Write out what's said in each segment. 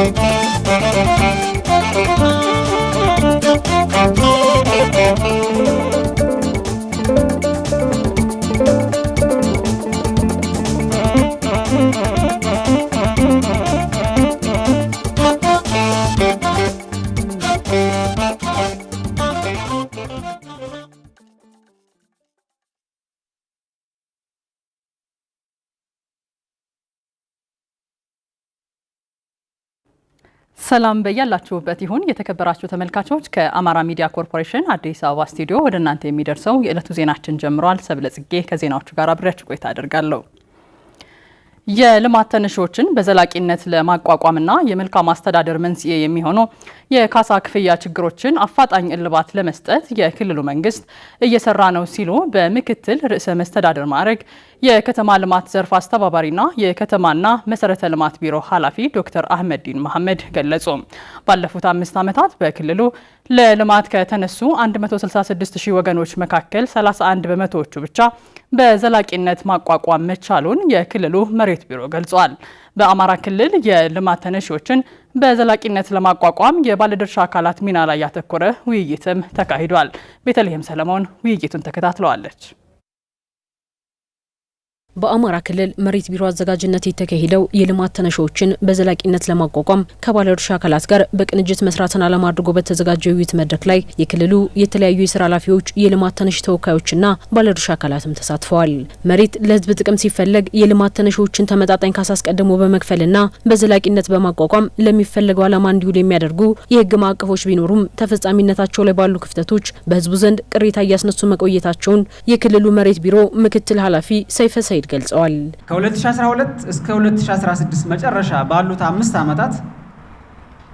Thank you. ሰላም በያላችሁበት ይሁን የተከበራችሁ ተመልካቾች። ከአማራ ሚዲያ ኮርፖሬሽን አዲስ አበባ ስቱዲዮ ወደ እናንተ የሚደርሰው የዕለቱ ዜናችን ጀምሯል። ሰብለጽጌ ከዜናዎቹ ጋር አብሬያችሁ ቆይታ አደርጋለሁ። የልማት ተነሺዎችን በዘላቂነት ለማቋቋምና የመልካም አስተዳደር መንስኤ የሚሆኑ የካሳ ክፍያ ችግሮችን አፋጣኝ እልባት ለመስጠት የክልሉ መንግስት እየሰራ ነው ሲሉ በምክትል ርዕሰ መስተዳደር ማዕረግ የከተማ ልማት ዘርፍ አስተባባሪና የከተማና መሰረተ ልማት ቢሮ ኃላፊ ዶክተር አህመዲን መሐመድ ገለጹ። ባለፉት አምስት ዓመታት በክልሉ ለልማት ከተነሱ 166 ሺህ ወገኖች መካከል 31 በመቶዎቹ ብቻ በዘላቂነት ማቋቋም መቻሉን የክልሉ መሬት ቢሮ ገልጿል። በአማራ ክልል የልማት ተነሺዎችን በዘላቂነት ለማቋቋም የባለድርሻ አካላት ሚና ላይ ያተኮረ ውይይትም ተካሂዷል። ቤተልሔም ሰለሞን ውይይቱን ተከታትለዋለች። በአማራ ክልል መሬት ቢሮ አዘጋጅነት የተካሄደው የልማት ተነሻዎችን በዘላቂነት ለማቋቋም ከባለድርሻ አካላት ጋር በቅንጅት መስራትን ዓላማ አድርጎ በተዘጋጀው ውይይት መድረክ ላይ የክልሉ የተለያዩ የስራ ኃላፊዎች፣ የልማት ተነሽ ተወካዮችና ባለድርሻ አካላትም ተሳትፈዋል። መሬት ለህዝብ ጥቅም ሲፈለግ የልማት ተነሻዎችን ተመጣጣኝ ካሳ አስቀድሞ በመክፈልና በዘላቂነት በማቋቋም ለሚፈለገው ዓላማ እንዲውል የሚያደርጉ የህግ ማዕቀፎች ቢኖሩም ተፈጻሚነታቸው ላይ ባሉ ክፍተቶች በህዝቡ ዘንድ ቅሬታ እያስነሱ መቆየታቸውን የክልሉ መሬት ቢሮ ምክትል ኃላፊ ሰይፈ ሰይድ ገልጸዋል። ከ2012 እስከ 2016 መጨረሻ ባሉት አምስት ዓመታት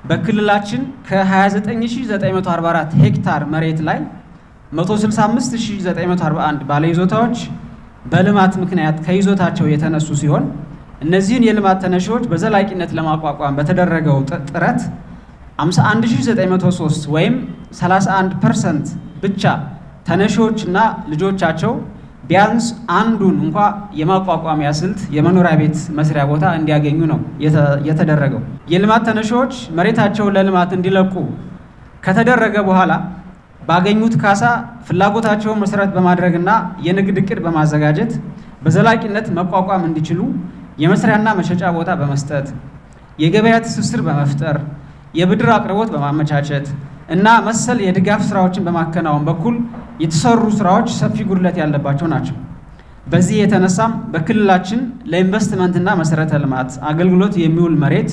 በክልላችን ከ29944 ሄክታር መሬት ላይ 165941 ባለይዞታዎች በልማት ምክንያት ከይዞታቸው የተነሱ ሲሆን እነዚህን የልማት ተነሺዎች በዘላቂነት ለማቋቋም በተደረገው ጥረት 51903 ወይም 31 ፐርሰንት ብቻ ተነሺዎችና ልጆቻቸው ቢያንስ አንዱን እንኳ የማቋቋሚያ ስልት የመኖሪያ ቤት መስሪያ ቦታ እንዲያገኙ ነው የተደረገው። የልማት ተነሺዎች መሬታቸውን ለልማት እንዲለቁ ከተደረገ በኋላ ባገኙት ካሳ ፍላጎታቸውን መሰረት በማድረግና የንግድ እቅድ በማዘጋጀት በዘላቂነት መቋቋም እንዲችሉ የመስሪያና መሸጫ ቦታ በመስጠት የገበያ ትስስር በመፍጠር የብድር አቅርቦት በማመቻቸት እና መሰል የድጋፍ ስራዎችን በማከናወን በኩል የተሰሩ ስራዎች ሰፊ ጉድለት ያለባቸው ናቸው። በዚህ የተነሳም በክልላችን ለኢንቨስትመንትና መሰረተ ልማት አገልግሎት የሚውል መሬት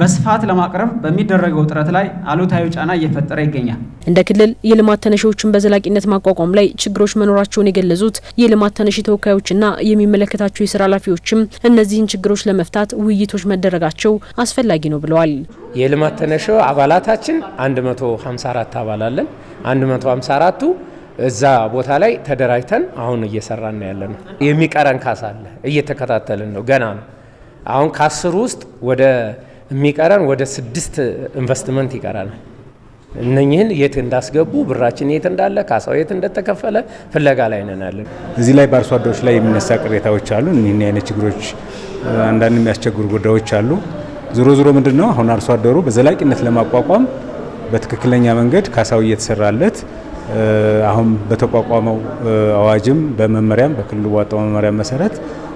በስፋት ለማቅረብ በሚደረገው ጥረት ላይ አሉታዊ ጫና እየፈጠረ ይገኛል። እንደ ክልል የልማት ተነሺዎችን በዘላቂነት ማቋቋም ላይ ችግሮች መኖራቸውን የገለጹት የልማት ተነሺ ተወካዮችና የሚመለከታቸው የስራ ኃላፊዎችም እነዚህን ችግሮች ለመፍታት ውይይቶች መደረጋቸው አስፈላጊ ነው ብለዋል። የልማት ተነሺ አባላታችን 154 አባል አለን። 154ቱ እዛ ቦታ ላይ ተደራጅተን አሁን እየሰራን ያለ ነው። የሚቀረን ካሳ አለ፣ እየተከታተልን ነው። ገና ነው። አሁን ከአስር ውስጥ ወደ የሚቀረን ወደ ስድስት ኢንቨስትመንት ይቀራል እነኝህን የት እንዳስገቡ ብራችን የት እንዳለ ካሳው የት እንደተከፈለ ፍለጋ ላይ ነን ያለን። እዚህ ላይ በአርሶ አደሮች ላይ የሚነሳ ቅሬታዎች አሉ። እኒህን አይነት ችግሮች አንዳንድ የሚያስቸግሩ ጉዳዮች አሉ። ዞሮ ዞሮ ምንድን ነው አሁን አርሶ አደሩ በዘላቂነት ለማቋቋም በትክክለኛ መንገድ ካሳው እየተሰራለት አሁን በተቋቋመው አዋጅም በመመሪያም በክልሉ ባወጣው መመሪያ መሰረት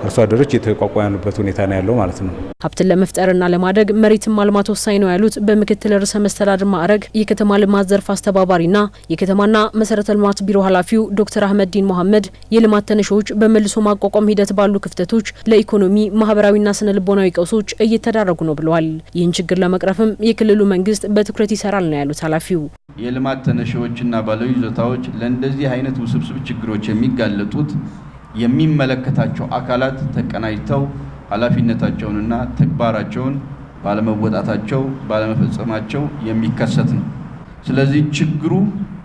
አርሶ አደሮች የተቋቋሙበት ሁኔታ ነው ያለው ማለት ነው። ሀብትን ለመፍጠርና ለማደግ መሬትን ማልማት ወሳኝ ነው ያሉት በምክትል ርዕሰ መስተዳድር ማዕረግ የከተማ ልማት ዘርፍ አስተባባሪና የከተማና መሰረተ ልማት ቢሮ ኃላፊው ዶክተር አህመድ ዲን መሐመድ የልማት ተነሻዎች በመልሶ ማቋቋም ሂደት ባሉ ክፍተቶች ለኢኮኖሚ ማህበራዊና ስነ ልቦናዊ ቀውሶች እየተዳረጉ ነው ብለዋል። ይህን ችግር ለመቅረፍም የክልሉ መንግስት በትኩረት ይሰራል ነው ያሉት ኃላፊው። የልማት ተነሺዎችና ዞታዎች ለእንደዚህ አይነት ውስብስብ ችግሮች የሚጋለጡት የሚመለከታቸው አካላት ተቀናጅተው ኃላፊነታቸውንና ተግባራቸውን ባለመወጣታቸው ባለመፈጸማቸው የሚከሰት ነው። ስለዚህ ችግሩ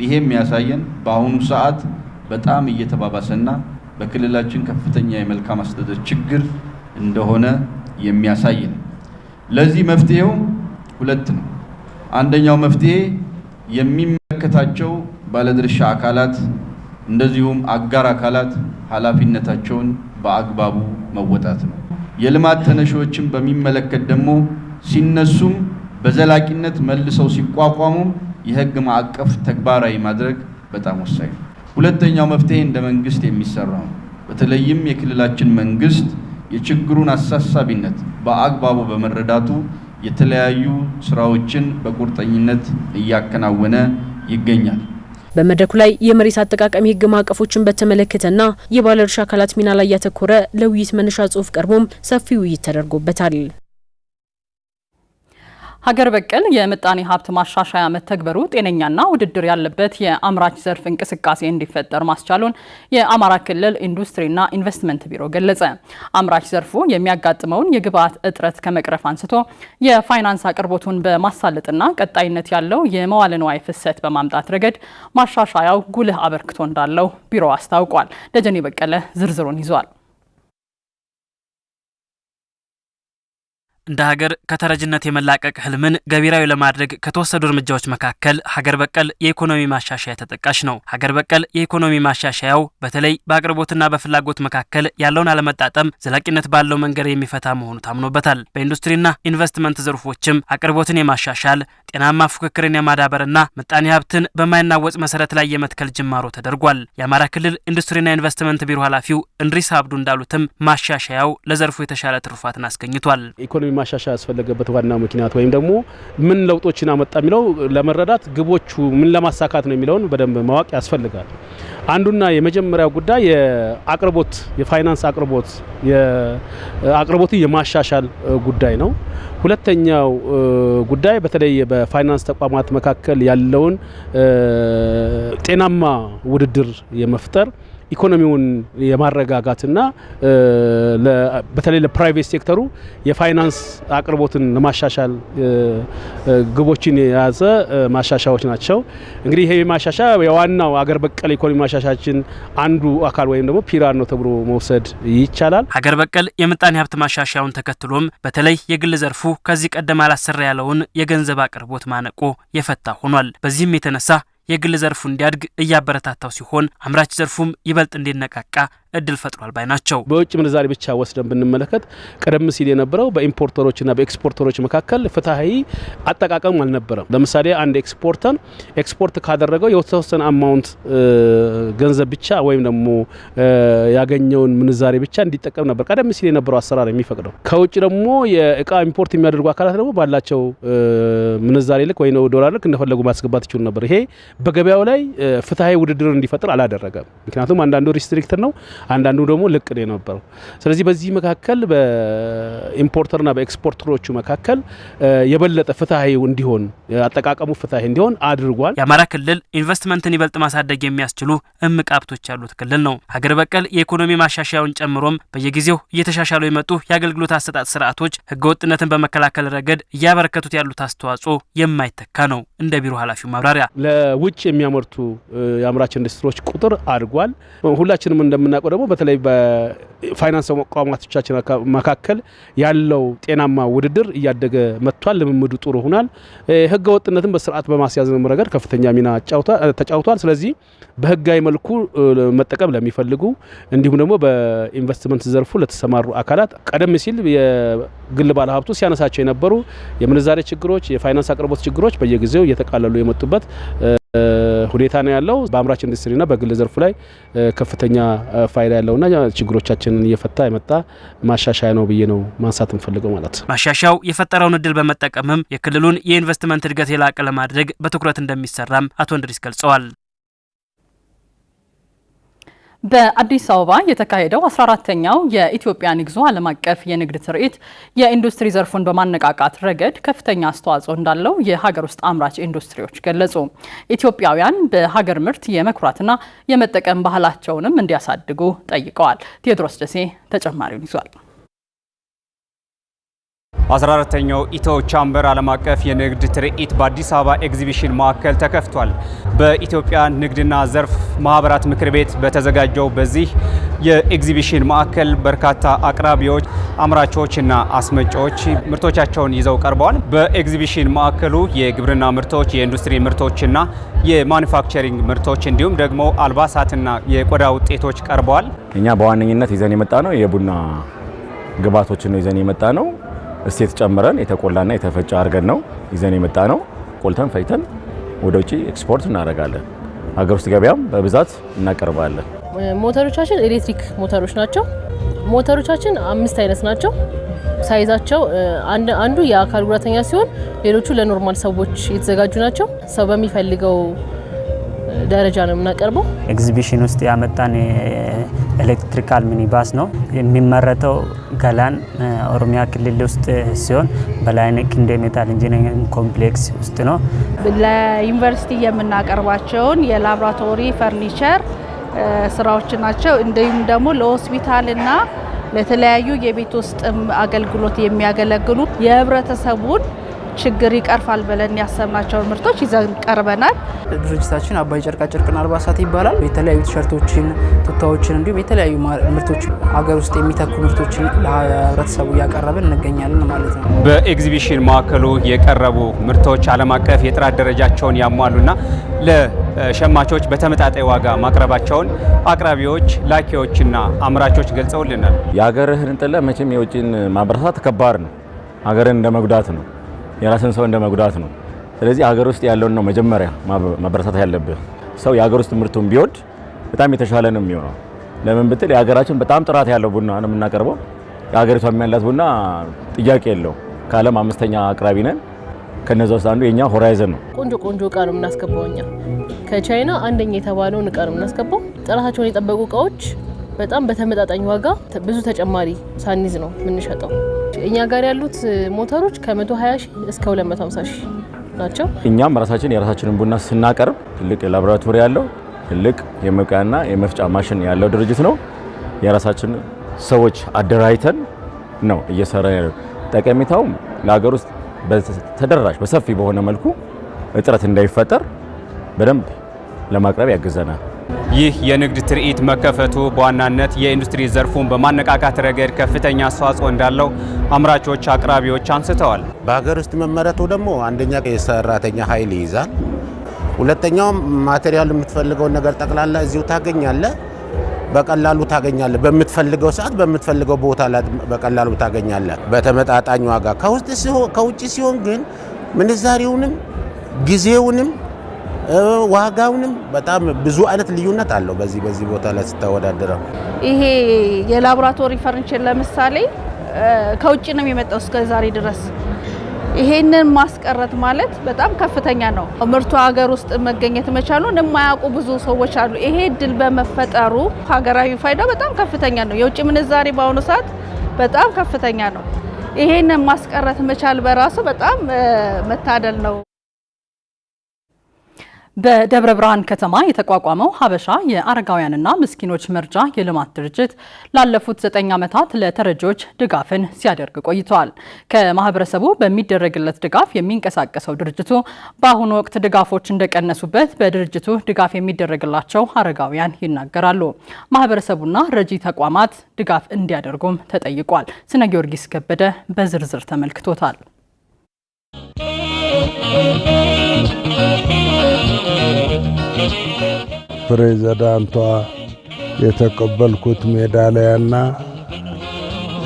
ይሄ የሚያሳየን በአሁኑ ሰዓት በጣም እየተባባሰና በክልላችን ከፍተኛ የመልካም አስተዳደር ችግር እንደሆነ የሚያሳየን። ለዚህ መፍትሄው ሁለት ነው። አንደኛው መፍትሄ የሚመለከታቸው ባለድርሻ አካላት እንደዚሁም አጋር አካላት ኃላፊነታቸውን በአግባቡ መወጣት ነው። የልማት ተነሺዎችን በሚመለከት ደግሞ ሲነሱም በዘላቂነት መልሰው ሲቋቋሙም የህግ ማዕቀፍ ተግባራዊ ማድረግ በጣም ወሳኝ ነው። ሁለተኛው መፍትሄ እንደ መንግስት የሚሰራ ነው። በተለይም የክልላችን መንግስት የችግሩን አሳሳቢነት በአግባቡ በመረዳቱ የተለያዩ ስራዎችን በቁርጠኝነት እያከናወነ ይገኛል። በመድረኩ ላይ የመሬት አጠቃቀም የህግ ማዕቀፎችን በተመለከተና የባለድርሻ አካላት ሚና ላይ ያተኮረ ለውይይት መነሻ ጽሁፍ ቀርቦም ሰፊ ውይይት ተደርጎበታል። ሀገር በቀል የምጣኔ ሀብት ማሻሻያ መተግበሩ ጤነኛና ውድድር ያለበት የአምራች ዘርፍ እንቅስቃሴ እንዲፈጠር ማስቻሉን የአማራ ክልል ኢንዱስትሪና ኢንቨስትመንት ቢሮ ገለጸ። አምራች ዘርፉ የሚያጋጥመውን የግብዓት እጥረት ከመቅረፍ አንስቶ የፋይናንስ አቅርቦቱን በማሳለጥና ቀጣይነት ያለው የመዋለ ንዋይ ፍሰት በማምጣት ረገድ ማሻሻያው ጉልህ አበርክቶ እንዳለው ቢሮ አስታውቋል። ደጀኔ በቀለ ዝርዝሩን ይዟል። እንደ ሀገር ከተረጅነት የመላቀቅ ህልምን ገቢራዊ ለማድረግ ከተወሰዱ እርምጃዎች መካከል ሀገር በቀል የኢኮኖሚ ማሻሻያ ተጠቃሽ ነው። ሀገር በቀል የኢኮኖሚ ማሻሻያው በተለይ በአቅርቦትና በፍላጎት መካከል ያለውን አለመጣጠም ዘላቂነት ባለው መንገድ የሚፈታ መሆኑ ታምኖበታል። በኢንዱስትሪና ኢንቨስትመንት ዘርፎችም አቅርቦትን የማሻሻል ጤናማ ፉክክርን የማዳበርና ምጣኔ ሀብትን በማይናወጽ መሰረት ላይ የመትከል ጅማሮ ተደርጓል። የአማራ ክልል ኢንዱስትሪና ኢንቨስትመንት ቢሮ ኃላፊው እንድሪስ አብዱ እንዳሉትም ማሻሻያው ለዘርፉ የተሻለ ትሩፋትን አስገኝቷል። ማሻሻያ ያስፈለገበት ዋና ምክንያት ወይም ደግሞ ምን ለውጦችን አመጣ የሚለው ለመረዳት ግቦቹ ምን ለማሳካት ነው የሚለውን በደንብ ማወቅ ያስፈልጋል። አንዱና የመጀመሪያው ጉዳይ የአቅርቦት የፋይናንስ አቅርቦት አቅርቦትን የማሻሻል ጉዳይ ነው። ሁለተኛው ጉዳይ በተለይ በፋይናንስ ተቋማት መካከል ያለውን ጤናማ ውድድር የመፍጠር ኢኮኖሚውን የማረጋጋትና በተለይ ለፕራይቬት ሴክተሩ የፋይናንስ አቅርቦትን ለማሻሻል ግቦችን የያዘ ማሻሻዎች ናቸው። እንግዲህ ይሄ ማሻሻ የዋናው አገር በቀል ኢኮኖሚ ማሻሻችን አንዱ አካል ወይም ደግሞ ፒላር ነው ተብሎ መውሰድ ይቻላል። አገር በቀል የምጣኔ ሀብት ማሻሻያውን ተከትሎም በተለይ የግል ዘርፉ ከዚህ ቀደም አላሰራ ያለውን የገንዘብ አቅርቦት ማነቆ የፈታ ሆኗል። በዚህም የተነሳ የግል ዘርፉ እንዲያድግ እያበረታታው ሲሆን አምራች ዘርፉም ይበልጥ እንዲነቃቃ እድል ፈጥሯል ባይ ናቸው። በውጭ ምንዛሪ ብቻ ወስደን ብንመለከት ቀደም ሲል የነበረው በኢምፖርተሮችና በኤክስፖርተሮች መካከል ፍትሐዊ አጠቃቀም አልነበረም። ለምሳሌ አንድ ኤክስፖርተር ኤክስፖርት ካደረገው የተወሰነ አማውንት ገንዘብ ብቻ ወይም ደግሞ ያገኘውን ምንዛሬ ብቻ እንዲጠቀም ነበር ቀደም ሲል የነበረው አሰራር የሚፈቅደው። ከውጭ ደግሞ የእቃ ኢምፖርት የሚያደርጉ አካላት ደግሞ ባላቸው ምንዛሬ ልክ ወይ ዶላር ልክ እንደፈለጉ ማስገባት ይችሉ ነበር። ይሄ በገበያው ላይ ፍትሐዊ ውድድር እንዲፈጥር አላደረገም። ምክንያቱም አንዳንዱ ሪስትሪክት ነው፣ አንዳንዱ ደግሞ ልቅ ነው የነበረው። ስለዚህ በዚህ መካከል በኢምፖርተርና በኤክስፖርተሮቹ መካከል የበለጠ ፍትሐዊ እንዲሆን አጠቃቀሙ ፍትሐዊ እንዲሆን አድርጓል። የአማራ ክልል ኢንቨስትመንትን ይበልጥ ማሳደግ የሚያስችሉ እምቅ ሀብቶች ያሉት ክልል ነው። ሀገር በቀል የኢኮኖሚ ማሻሻያውን ጨምሮም በየጊዜው እየተሻሻሉ የመጡ የአገልግሎት አሰጣጥ ስርዓቶች ህገወጥነትን በመከላከል ረገድ እያበረከቱት ያሉት አስተዋጽኦ የማይተካ ነው። እንደ ቢሮ ኃላፊው ማብራሪያ ለውጭ የሚያመርቱ የአምራች ኢንዱስትሪዎች ቁጥር አድጓል። ሁላችንም እንደምናውቀው የምናውቀው ደግሞ በተለይ በፋይናንስ ተቋማቶቻችን መካከል ያለው ጤናማ ውድድር እያደገ መጥቷል። ልምምዱ ጥሩ ሆኗል። ህገ ወጥነትን በስርዓት በማስያዝም ረገድ ከፍተኛ ሚና ተጫውቷል። ስለዚህ በህጋዊ መልኩ መጠቀም ለሚፈልጉ እንዲሁም ደግሞ በኢንቨስትመንት ዘርፉ ለተሰማሩ አካላት ቀደም ሲል የግል ባለሀብቱ ሲያነሳቸው የነበሩ የምንዛሬ ችግሮች፣ የፋይናንስ አቅርቦት ችግሮች በየጊዜው እየተቃለሉ የመጡበት ሁኔታ ነው ያለው። በአምራች ኢንዱስትሪና በግል ዘርፉ ላይ ከፍተኛ ፋይዳ ያለውና ችግሮቻችንን እየፈታ የመጣ ማሻሻያ ነው ብዬ ነው ማንሳት ንፈልገው ማለት። ማሻሻያው የፈጠረውን እድል በመጠቀምም የክልሉን የኢንቨስትመንት እድገት የላቀ ለማድረግ በትኩረት እንደሚሰራም አቶ እንድሪስ ገልጸዋል። በአዲስ አበባ የተካሄደው 14ተኛው የኢትዮጵያ ንግዞ ዓለም አቀፍ የንግድ ትርኢት የኢንዱስትሪ ዘርፉን በማነቃቃት ረገድ ከፍተኛ አስተዋጽኦ እንዳለው የሀገር ውስጥ አምራች ኢንዱስትሪዎች ገለጹ። ኢትዮጵያውያን በሀገር ምርት የመኩራትና የመጠቀም ባህላቸውንም እንዲያሳድጉ ጠይቀዋል። ቴዎድሮስ ደሴ ተጨማሪውን ይዟል። 14ተኛው ኢትዮ ቻምበር ዓለም አቀፍ የንግድ ትርኢት በአዲስ አበባ ኤግዚቢሽን ማዕከል ተከፍቷል። በኢትዮጵያ ንግድና ዘርፍ ማህበራት ምክር ቤት በተዘጋጀው በዚህ የኤግዚቢሽን ማዕከል በርካታ አቅራቢዎች፣ አምራቾችና እና አስመጪዎች ምርቶቻቸውን ይዘው ቀርበዋል። በኤግዚቢሽን ማዕከሉ የግብርና ምርቶች፣ የኢንዱስትሪ ምርቶችና የማኒፋክቸሪንግ ምርቶች እንዲሁም ደግሞ አልባሳትና የቆዳ ውጤቶች ቀርበዋል። እኛ በዋነኝነት ይዘን የመጣ ነው የቡና ግብዓቶችን ነው ይዘን የመጣ ነው እሴት ጨምረን የተቆላና የተፈጨ አድርገን ነው ይዘን የመጣ ነው። ቆልተን ፈይተን ወደ ውጭ ኤክስፖርት እናደርጋለን። ሀገር ውስጥ ገበያም በብዛት እናቀርባለን። ሞተሮቻችን ኤሌክትሪክ ሞተሮች ናቸው። ሞተሮቻችን አምስት አይነት ናቸው። ሳይዛቸው አንዱ የአካል ጉዳተኛ ሲሆን ሌሎቹ ለኖርማል ሰዎች የተዘጋጁ ናቸው። ሰው በሚፈልገው ደረጃ ነው የምናቀርበው። ኤግዚቢሽን ውስጥ ያመጣን ኤሌክትሪካል ሚኒባስ ነው የሚመረተው። ገላን ኦሮሚያ ክልል ውስጥ ሲሆን በላይን ክንዴ ሜታል ኢንጂነሪንግ ኮምፕሌክስ ውስጥ ነው። ለዩኒቨርሲቲ የምናቀርባቸውን የላብራቶሪ ፈርኒቸር ስራዎች ናቸው። እንዲሁም ደግሞ ለሆስፒታልና ለተለያዩ የቤት ውስጥ አገልግሎት የሚያገለግሉ የህብረተሰቡን ችግር ይቀርፋል ብለን ያሰብናቸውን ምርቶች ይዘን ቀርበናል። ድርጅታችን አባይ ጨርቃጨርቅና አልባሳት ይባላል። የተለያዩ ቲሸርቶችን፣ ቱታዎችን እንዲሁም የተለያዩ ምርቶች ሀገር ውስጥ የሚተኩ ምርቶችን ለህብረተሰቡ እያቀረብን እንገኛለን ማለት ነው። በኤግዚቢሽን ማዕከሉ የቀረቡ ምርቶች ዓለም አቀፍ የጥራት ደረጃቸውን ያሟሉና ለሸማቾች በተመጣጣኝ ዋጋ ማቅረባቸውን አቅራቢዎች፣ ላኪዎችና አምራቾች ገልጸውልናል። የሀገርህን ጥለህ መቼም የውጭን ማበረታት ከባድ ነው። ሀገርን እንደ መጉዳት ነው። የራስን ሰው እንደ መጉዳት ነው። ስለዚህ ሀገር ውስጥ ያለውን ነው መጀመሪያ ማበረታታት ያለብህ። ሰው የሀገር ውስጥ ምርቱን ቢወድ በጣም የተሻለ ነው የሚሆነው። ለምን ብትል የሀገራችን በጣም ጥራት ያለው ቡና ነው የምናቀርበው። የሀገሪቷ የሚያላት ቡና ጥያቄ የለው። ከዓለም አምስተኛ አቅራቢ ነን። ከነዛ ውስጥ አንዱ የኛ ሆራይዘን ነው። ቆንጆ ቆንጆ እቃ ነው የምናስገባው እኛ። ከቻይና አንደኛ የተባለውን እቃ ነው የምናስገባው። ጥራታቸውን የጠበቁ እቃዎች በጣም በተመጣጣኝ ዋጋ ብዙ ተጨማሪ ሳኒዝ ነው የምንሸጠው። ናቸው። እኛ ጋር ያሉት ሞተሮች ከ120 ሺህ እስከ 250 ናቸው። እኛም ራሳችን የራሳችንን ቡና ስናቀርብ ትልቅ ላቦራቶሪ ያለው ትልቅ የመብቀያና የመፍጫ ማሽን ያለው ድርጅት ነው። የራሳችን ሰዎች አደራጅተን ነው እየሰራ ያለው። ጠቀሜታውም ለሀገር ውስጥ ተደራሽ በሰፊ በሆነ መልኩ እጥረት እንዳይፈጠር በደንብ ለማቅረብ ያግዘናል። ይህ የንግድ ትርኢት መከፈቱ በዋናነት የኢንዱስትሪ ዘርፉን በማነቃቃት ረገድ ከፍተኛ አስተዋጽኦ እንዳለው አምራቾች፣ አቅራቢዎች አንስተዋል። በሀገር ውስጥ መመረቱ ደግሞ አንደኛ የሰራተኛ ኃይል ይይዛል፣ ሁለተኛውም ማቴሪያል የምትፈልገውን ነገር ጠቅላላ እዚሁ ታገኛለ፣ በቀላሉ ታገኛለ፣ በምትፈልገው ሰዓት በምትፈልገው ቦታ ላይ በቀላሉ ታገኛለ፣ በተመጣጣኝ ዋጋ። ከውጭ ሲሆን ግን ምንዛሬውንም ጊዜውንም ዋጋውንም በጣም ብዙ አይነት ልዩነት አለው። በዚህ በዚህ ቦታ ላይ ስታወዳድረው ይሄ የላቦራቶሪ ፈርኒቸር ለምሳሌ ከውጭ ነው የመጣው እስከ ዛሬ ድረስ። ይሄንን ማስቀረት ማለት በጣም ከፍተኛ ነው። ምርቱ ሀገር ውስጥ መገኘት መቻሉን የማያውቁ ብዙ ሰዎች አሉ። ይሄ እድል በመፈጠሩ ሀገራዊ ፋይዳው በጣም ከፍተኛ ነው። የውጭ ምንዛሬ በአሁኑ ሰዓት በጣም ከፍተኛ ነው። ይሄንን ማስቀረት መቻል በራሱ በጣም መታደል ነው። በደብረ ብርሃን ከተማ የተቋቋመው ሀበሻ የአረጋውያንና ምስኪኖች መርጃ የልማት ድርጅት ላለፉት ዘጠኝ ዓመታት ለተረጂዎች ድጋፍን ሲያደርግ ቆይቷል። ከማህበረሰቡ በሚደረግለት ድጋፍ የሚንቀሳቀሰው ድርጅቱ በአሁኑ ወቅት ድጋፎች እንደቀነሱበት በድርጅቱ ድጋፍ የሚደረግላቸው አረጋውያን ይናገራሉ። ማህበረሰቡና ረጂ ተቋማት ድጋፍ እንዲያደርጉም ተጠይቋል። ስነ ጊዮርጊስ ከበደ በዝርዝር ተመልክቶታል። ፕሬዚዳንቷ የተቀበልኩት ሜዳሊያና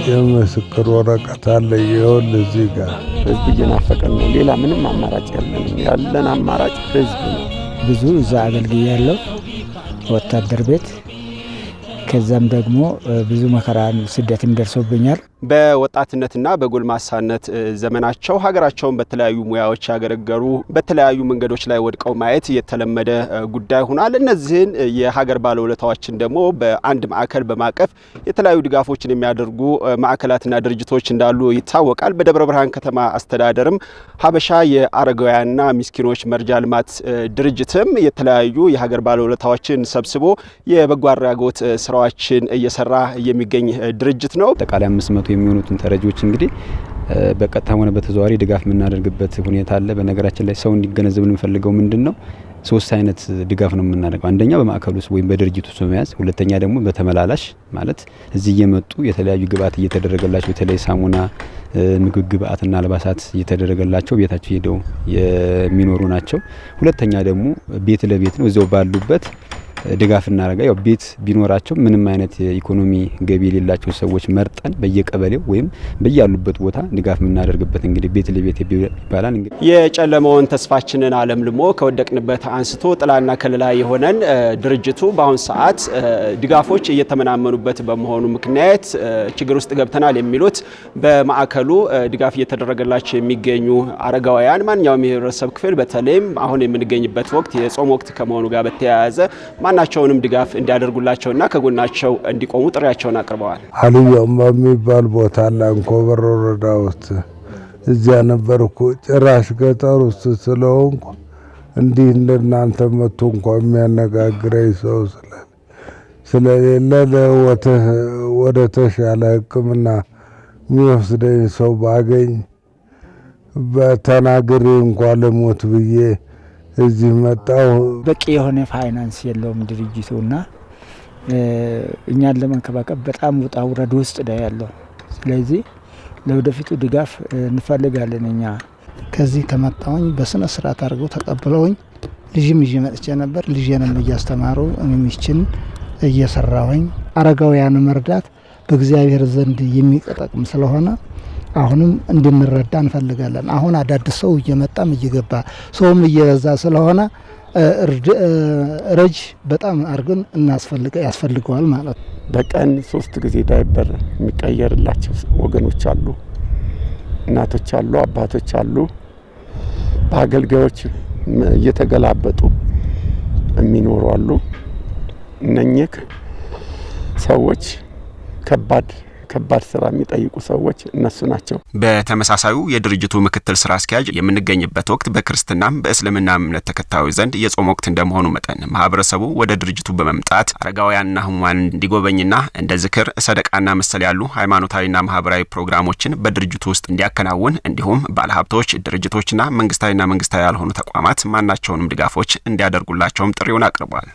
የምስክር ወረቀት አለ። ይኸውልህ እዚህ ጋር ህዝብ እየናፈቀን ነው። ሌላ ምንም አማራጭ ያለንም ያለን አማራጭ ህዝብ ነው። ብዙ እዛ አገልግዬ ያለው ወታደር ቤት ከዛም ደግሞ ብዙ መከራ ስደትም ደርሶብኛል። በወጣትነትና በጎልማሳነት ዘመናቸው ሀገራቸውን በተለያዩ ሙያዎች ያገለገሉ በተለያዩ መንገዶች ላይ ወድቀው ማየት የተለመደ ጉዳይ ሆኗል። እነዚህን የሀገር ባለውለታዎችን ደግሞ በአንድ ማዕከል በማቀፍ የተለያዩ ድጋፎችን የሚያደርጉ ማዕከላትና ድርጅቶች እንዳሉ ይታወቃል። በደብረ ብርሃን ከተማ አስተዳደርም ሀበሻ የአረጋውያንና ሚስኪኖች መርጃ ልማት ድርጅትም የተለያዩ የሀገር ባለውለታዎችን ሰብስቦ የበጎ አድራጎት ስራዎችን እየሰራ የሚገኝ ድርጅት ነው። የሚሆኑትን ተረጂዎች እንግዲህ በቀጥታ ሆነ በተዘዋዋሪ ድጋፍ የምናደርግበት ሁኔታ አለ። በነገራችን ላይ ሰው እንዲገነዘብ የምንፈልገው ምንድን ነው፣ ሶስት አይነት ድጋፍ ነው የምናደርገው። አንደኛ በማዕከሉ ውስጥ ወይም በድርጅቱ ውስጥ በመያዝ፣ ሁለተኛ ደግሞ በተመላላሽ ማለት እዚህ እየመጡ የተለያዩ ግብአት እየተደረገላቸው በተለይ ሳሙና፣ ምግብ ግብአትና አልባሳት እየተደረገላቸው ቤታቸው ሄደው የሚኖሩ ናቸው። ሁለተኛ ደግሞ ቤት ለቤት ነው እዚያው ባሉበት ድጋፍ እናደረጋ ያው ቤት ቢኖራቸው ምንም አይነት የኢኮኖሚ ገቢ የሌላቸው ሰዎች መርጠን በየቀበሌው ወይም በያሉበት ቦታ ድጋፍ የምናደርግበት እንግዲህ ቤት ለቤት ይባላል። እንግዲህ የጨለመውን ተስፋችንን አለምልሞ ከወደቅንበት አንስቶ ጥላና ከለላ የሆነን ድርጅቱ በአሁን ሰዓት ድጋፎች እየተመናመኑበት በመሆኑ ምክንያት ችግር ውስጥ ገብተናል የሚሉት በማዕከሉ ድጋፍ እየተደረገላቸው የሚገኙ አረጋውያን ማንኛውም የህብረተሰብ ክፍል በተለይም አሁን የምንገኝበት ወቅት የጾም ወቅት ከመሆኑ ጋር በተያያዘ ማናቸውንም ድጋፍ እንዲያደርጉላቸውና ከጎናቸው እንዲቆሙ ጥሪያቸውን አቅርበዋል። አልያም በሚባል ቦታ ላንኮበር ወረዳ ውስጥ እዚያ ነበርኩ። ጭራሽ ገጠር ውስጥ ስለሆንኩ እንዲህ እንደናንተ መቶ እንኳ የሚያነጋግረኝ ሰው ስለሌለ ወደ ተሻለ ሕክምና የሚወስደኝ ሰው ባገኝ በተናግሬ እንኳ ልሞት ብዬ እዚህ መጣው። በቂ የሆነ ፋይናንስ የለውም ድርጅቱ እና እኛን ለመንከባከብ በጣም ውጣ ውረድ ውስጥ ነው ያለው። ስለዚህ ለወደፊቱ ድጋፍ እንፈልጋለን። እኛ ከዚህ ከመጣውኝ በስነ ስርዓት አድርገው ተቀብለውኝ ልጅም ይዤ መጥቼ ነበር። ልጄንም እያስተማሩ እሚችን እየሰራሁኝ አረጋውያን መርዳት በእግዚአብሔር ዘንድ የሚጠቅም ስለሆነ አሁንም እንድንረዳ እንፈልጋለን። አሁን አዳዲስ ሰው እየመጣም እየገባ ሰውም እየበዛ ስለሆነ ረጅ በጣም አድርገን ያስፈልገዋል ማለት ነው። በቀን ሶስት ጊዜ ዳይበር የሚቀየርላቸው ወገኖች አሉ፣ እናቶች አሉ፣ አባቶች አሉ። በአገልጋዮች እየተገላበጡ የሚኖሩ አሉ። እነኚህ ሰዎች ከባድ ከባድ ስራ የሚጠይቁ ሰዎች እነሱ ናቸው። በተመሳሳዩ የድርጅቱ ምክትል ስራ አስኪያጅ የምንገኝበት ወቅት በክርስትናም በእስልምና እምነት ተከታዮች ዘንድ የጾም ወቅት እንደመሆኑ መጠን ማህበረሰቡ ወደ ድርጅቱ በመምጣት አረጋውያንና ህሙማን እንዲጎበኝና እንደ ዝክር፣ ሰደቃና መሰል ያሉ ሃይማኖታዊና ማህበራዊ ፕሮግራሞችን በድርጅቱ ውስጥ እንዲያከናውን እንዲሁም ባለሀብቶች፣ ድርጅቶችና መንግስታዊና መንግስታዊ ያልሆኑ ተቋማት ማናቸውንም ድጋፎች እንዲያደርጉላቸውም ጥሪውን አቅርቧል።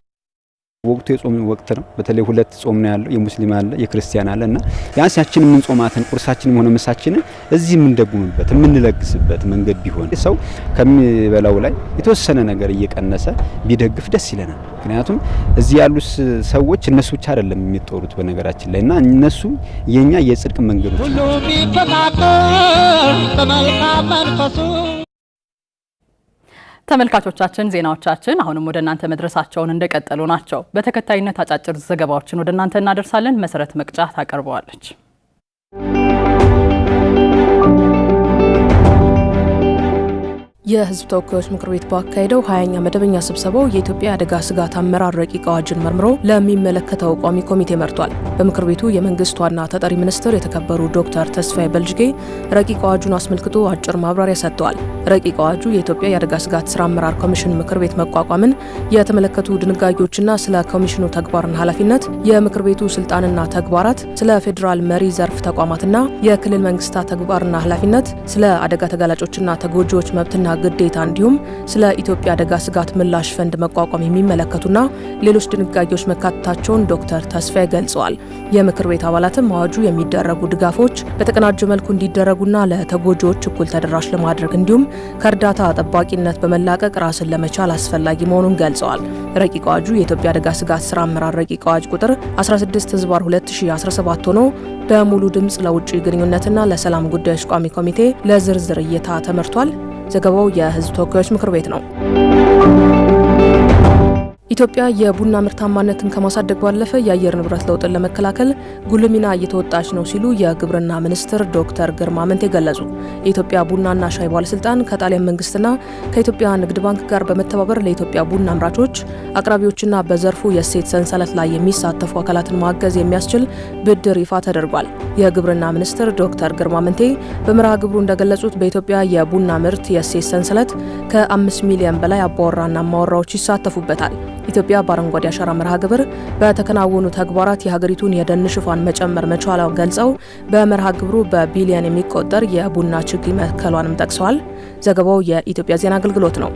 ወቅቱ የጾም ወቅት ነው። በተለይ ሁለት ጾም ነው ያለው፣ የሙስሊም አለ፣ የክርስቲያን አለ እና ቢያንስ ያችን የምንጾማትን ቁርሳችንም ሆነ ምሳችንን እዚህ የምንደጉምበት የምንለግስበት መንገድ ቢሆን ሰው ከሚበላው ላይ የተወሰነ ነገር እየቀነሰ ቢደግፍ ደስ ይለናል። ምክንያቱም እዚህ ያሉት ሰዎች እነሱ ብቻ አይደለም የሚጦሩት በነገራችን ላይ እና እነሱ የኛ የጽድቅ መንገዶች ናቸው። ተመልካቾቻችን ዜናዎቻችን አሁንም ወደ እናንተ መድረሳቸውን እንደቀጠሉ ናቸው። በተከታይነት አጫጭር ዘገባዎችን ወደ እናንተ እናደርሳለን። መሰረት መቅጫ ታቀርበዋለች። የህዝብ ተወካዮች ምክር ቤት ባካሄደው ሀያኛ መደበኛ ስብሰባው የኢትዮጵያ አደጋ ስጋት አመራር ረቂቅ አዋጅን መርምሮ ለሚመለከተው ቋሚ ኮሚቴ መርቷል። በምክር ቤቱ የመንግስት ዋና ተጠሪ ሚኒስትር የተከበሩ ዶክተር ተስፋዬ በልጅጌ ረቂቅ አዋጁን አስመልክቶ አጭር ማብራሪያ ሰጥተዋል። ረቂቅ አዋጁ የኢትዮጵያ የአደጋ ስጋት ስራ አመራር ኮሚሽን ምክር ቤት መቋቋምን የተመለከቱ ድንጋጌዎችና ስለ ኮሚሽኑ ተግባርና ኃላፊነት፣ የምክር ቤቱ ስልጣንና ተግባራት፣ ስለ ፌዴራል መሪ ዘርፍ ተቋማትና የክልል መንግስታት ተግባርና ኃላፊነት፣ ስለ አደጋ ተጋላጮችና ተጎጂዎች መብትና ግዴታ እንዲሁም ስለ ኢትዮጵያ አደጋ ስጋት ምላሽ ፈንድ መቋቋም የሚመለከቱና ሌሎች ድንጋጌዎች መካተታቸውን ዶክተር ተስፋዬ ገልጸዋል። የምክር ቤት አባላትም አዋጁ የሚደረጉ ድጋፎች በተቀናጀ መልኩ እንዲደረጉና ለተጎጂዎች እኩል ተደራሽ ለማድረግ እንዲሁም ከእርዳታ ጠባቂነት በመላቀቅ ራስን ለመቻል አስፈላጊ መሆኑን ገልጸዋል። ረቂቅ አዋጁ የኢትዮጵያ አደጋ ስጋት ስራ አመራር ረቂቅ አዋጅ ቁጥር 16 ህዝባር 2017 ሆኖ በሙሉ ድምፅ ለውጭ ግንኙነትና ለሰላም ጉዳዮች ቋሚ ኮሚቴ ለዝርዝር እይታ ተመርቷል። ዘገባው የህዝብ ተወካዮች ምክር ቤት ነው። ኢትዮጵያ የቡና ምርታማነትን ከማሳደግ ባለፈ የአየር ንብረት ለውጥን ለመከላከል ጉልህ ሚና እየተወጣች ነው ሲሉ የግብርና ሚኒስትር ዶክተር ግርማ መንቴ ገለጹ። የኢትዮጵያ ቡናና ሻይ ባለስልጣን ከጣሊያን መንግስትና ከኢትዮጵያ ንግድ ባንክ ጋር በመተባበር ለኢትዮጵያ ቡና አምራቾች፣ አቅራቢዎችና በዘርፉ የእሴት ሰንሰለት ላይ የሚሳተፉ አካላትን ማገዝ የሚያስችል ብድር ይፋ ተደርጓል። የግብርና ሚኒስትር ዶክተር ግርማ መንቴ በመርሃ ግብሩ እንደገለጹት በኢትዮጵያ የቡና ምርት የእሴት ሰንሰለት ከአምስት ሚሊዮን በላይ አባወራና ማወራዎች ይሳተፉበታል። ኢትዮጵያ በአረንጓዴ አሻራ መርሃ ግብር በተከናወኑ ተግባራት የሀገሪቱን የደን ሽፋን መጨመር መቻላውን ገልጸው በመርሃ ግብሩ በቢሊየን የሚቆጠር የቡና ችግኝ መትከሏንም ጠቅሰዋል። ዘገባው የኢትዮጵያ ዜና አገልግሎት ነው።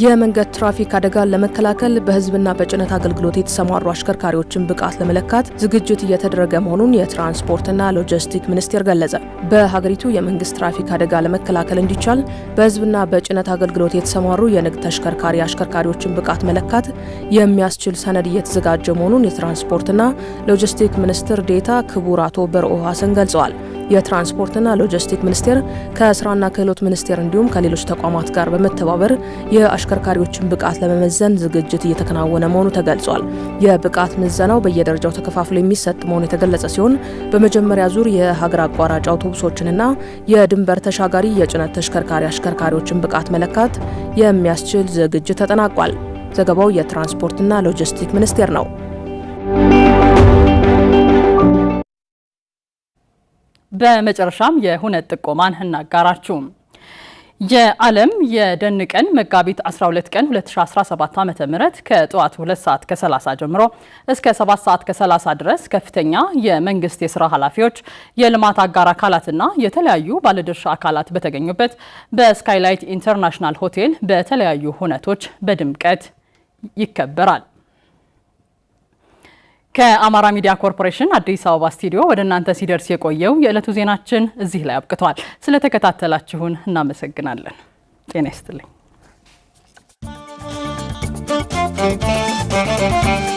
የመንገድ ትራፊክ አደጋን ለመከላከል በህዝብና በጭነት አገልግሎት የተሰማሩ አሽከርካሪዎችን ብቃት ለመለካት ዝግጅት እየተደረገ መሆኑን የትራንስፖርትና ሎጂስቲክ ሚኒስቴር ገለጸ። በሀገሪቱ የመንግስት ትራፊክ አደጋ ለመከላከል እንዲቻል በህዝብና በጭነት አገልግሎት የተሰማሩ የንግድ ተሽከርካሪ አሽከርካሪዎችን ብቃት መለካት የሚያስችል ሰነድ እየተዘጋጀ መሆኑን የትራንስፖርትና ሎጂስቲክ ሚኒስትር ዴታ ክቡር አቶ በርኦ ሀሰን ገልጸዋል። የትራንስፖርትና ሎጂስቲክ ሚኒስቴር ከስራና ክህሎት ሚኒስቴር እንዲሁም ከሌሎች ተቋማት ጋር በመተባበር የአሽከርካሪዎችን ብቃት ለመመዘን ዝግጅት እየተከናወነ መሆኑ ተገልጿል። የብቃት ምዘናው በየደረጃው ተከፋፍሎ የሚሰጥ መሆኑ የተገለጸ ሲሆን በመጀመሪያ ዙር የሀገር አቋራጭ አውቶቡሶችንና የድንበር ተሻጋሪ የጭነት ተሽከርካሪ አሽከርካሪዎችን ብቃት መለካት የሚያስችል ዝግጅት ተጠናቋል። ዘገባው የትራንስፖርትና ሎጂስቲክ ሚኒስቴር ነው። በመጨረሻም የሁነት ጥቆማን እናጋራችሁ። የዓለም የደን ቀን መጋቢት 12 ቀን 2017 ዓ ም ከጠዋት 2 ሰዓት ከ30 ጀምሮ እስከ 7 ሰዓት ከ30 ድረስ ከፍተኛ የመንግስት የስራ ኃላፊዎች፣ የልማት አጋር አካላትና የተለያዩ ባለድርሻ አካላት በተገኙበት በስካይላይት ኢንተርናሽናል ሆቴል በተለያዩ ሁነቶች በድምቀት ይከበራል። ከአማራ ሚዲያ ኮርፖሬሽን አዲስ አበባ ስቱዲዮ ወደ እናንተ ሲደርስ የቆየው የዕለቱ ዜናችን እዚህ ላይ አብቅቷል። ስለተከታተላችሁን እናመሰግናለን። ጤና ይስጥልኝ።